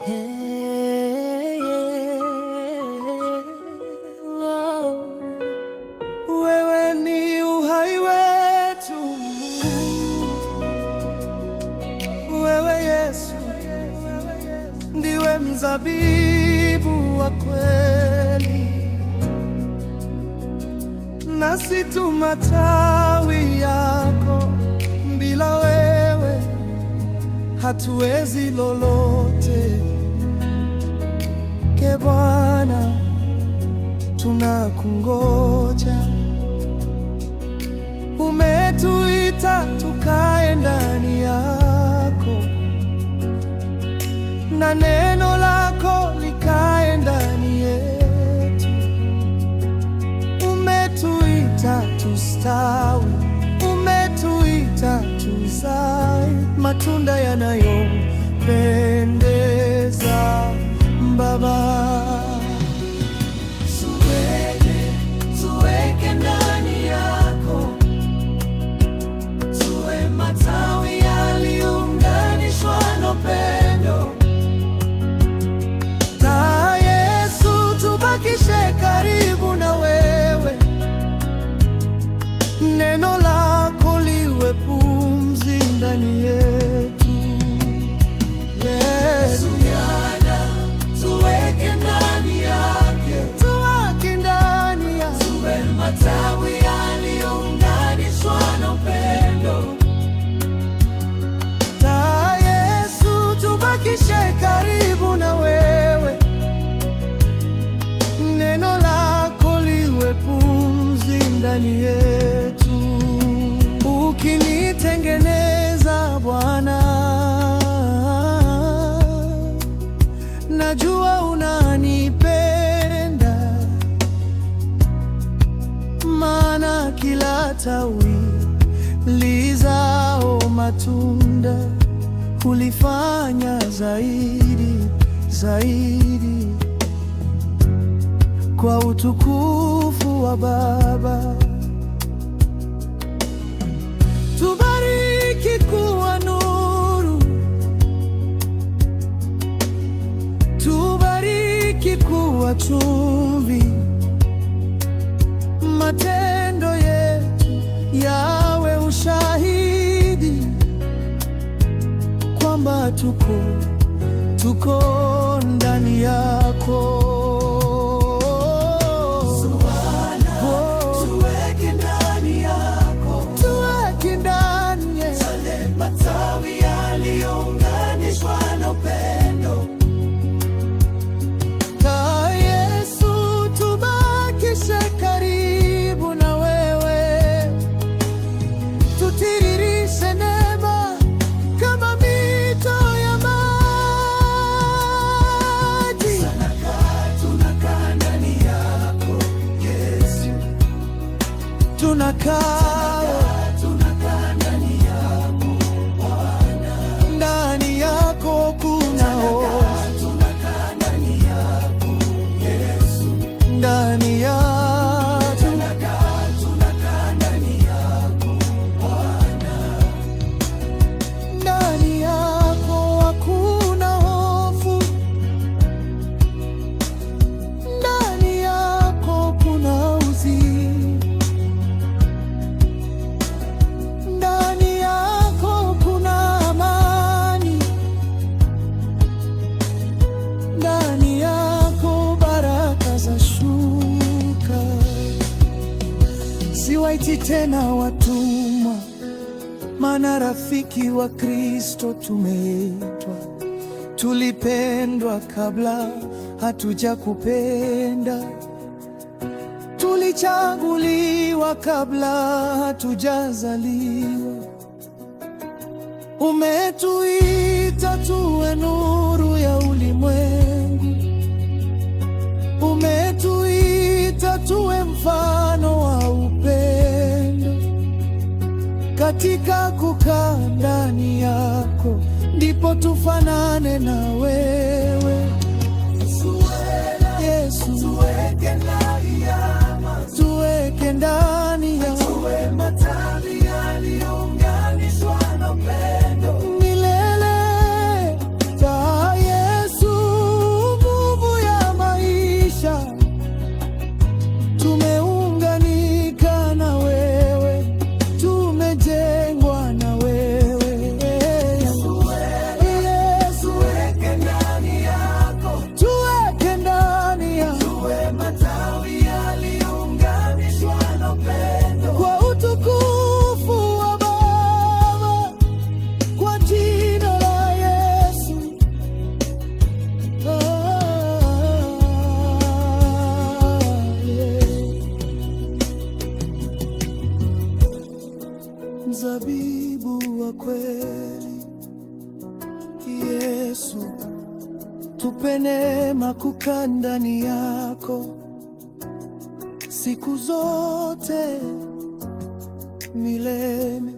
Wewe ni uhai wetu, wewe Yesu ndiwe mzabibu wa kweli, nasi tu matawi yako, bila wewe hatuwezi lolote. Ke Bwana, tunakungoja. Umetuita tukae ndani yako na ndani yetu. Ukinitengeneza Bwana, najua unanipenda, maana kila tawi lizao matunda kulifanya zaidi zaidi kwa utukufu wa Baba. haki kuwa nuru, tubariki kuwa chumvi, matendo yetu yawe ushahidi kwamba tuko tuko Sisi tena watumwa, maana rafiki wa Kristo tumeitwa. Tulipendwa kabla hatujakupenda, tulichaguliwa kabla hatujazaliwa. Umetuita tuwe nuru ya ulimwengu katika kukaa ndani yako, ndipo tufanane nawe. Yesu, tupe neema kukaa ndani yako siku zote milele.